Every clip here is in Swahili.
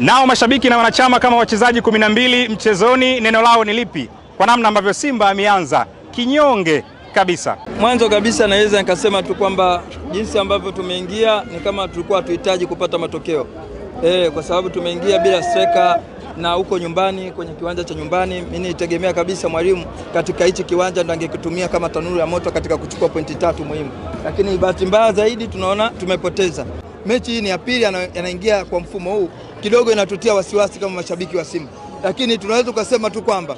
Nao mashabiki na wanachama kama wachezaji kumi na mbili mchezoni, neno lao ni lipi kwa namna ambavyo Simba ameanza kinyonge kabisa? Mwanzo kabisa naweza nikasema tu kwamba jinsi ambavyo tumeingia ni kama tulikuwa hatuhitaji kupata matokeo e, kwa sababu tumeingia bila streka na huko nyumbani kwenye kiwanja cha nyumbani, mimi nitegemea kabisa mwalimu katika hichi kiwanja ndo angekitumia kama tanuru ya moto katika kuchukua pointi tatu muhimu, lakini bahati mbaya zaidi tunaona tumepoteza mechi hii. Ni ya pili anaingia kwa mfumo huu kidogo inatutia wasiwasi kama mashabiki wa Simba, lakini tunaweza tukasema tu kwamba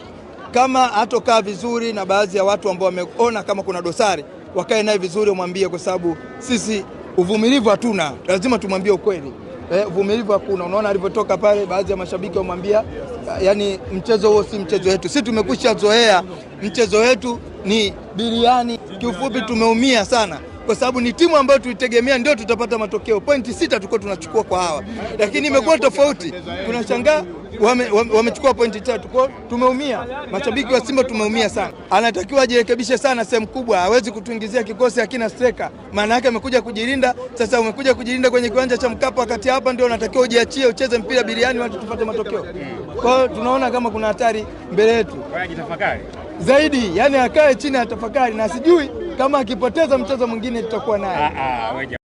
kama hatokaa vizuri na baadhi ya watu ambao wameona kama kuna dosari, wakae naye vizuri, wamwambie, kwa sababu sisi uvumilivu hatuna, lazima tumwambie ukweli. Eh, uvumilivu hakuna. Unaona alivyotoka pale, baadhi ya mashabiki wamwambia, yani mchezo huo si mchezo wetu. Sisi tumekusha zoea mchezo wetu ni biriani Kiufupi tumeumia sana kwa sababu ni timu ambayo tuitegemea ndio tutapata matokeo. Pointi sita tulikuwa tunachukua kwa hawa, lakini imekuwa tofauti. Tunashangaa wamechukua wame, wame pointi tatu kwao. Tumeumia, mashabiki wa Simba tumeumia sana. Anatakiwa ajirekebishe sana sehemu kubwa, hawezi kutuingizia kikosi akina streka. Maana yake amekuja kujilinda. Sasa umekuja kujilinda kwenye kiwanja cha Mkapa, wakati hapa ndio unatakiwa ujiachie, ucheze mpira biriani, watu tupate matokeo. Kwao tunaona kama kuna hatari mbele yetu zaidi, yani akae chini atafakari na sijui kama akipoteza mchezo mwingine tutakuwa naye. Ah, ah,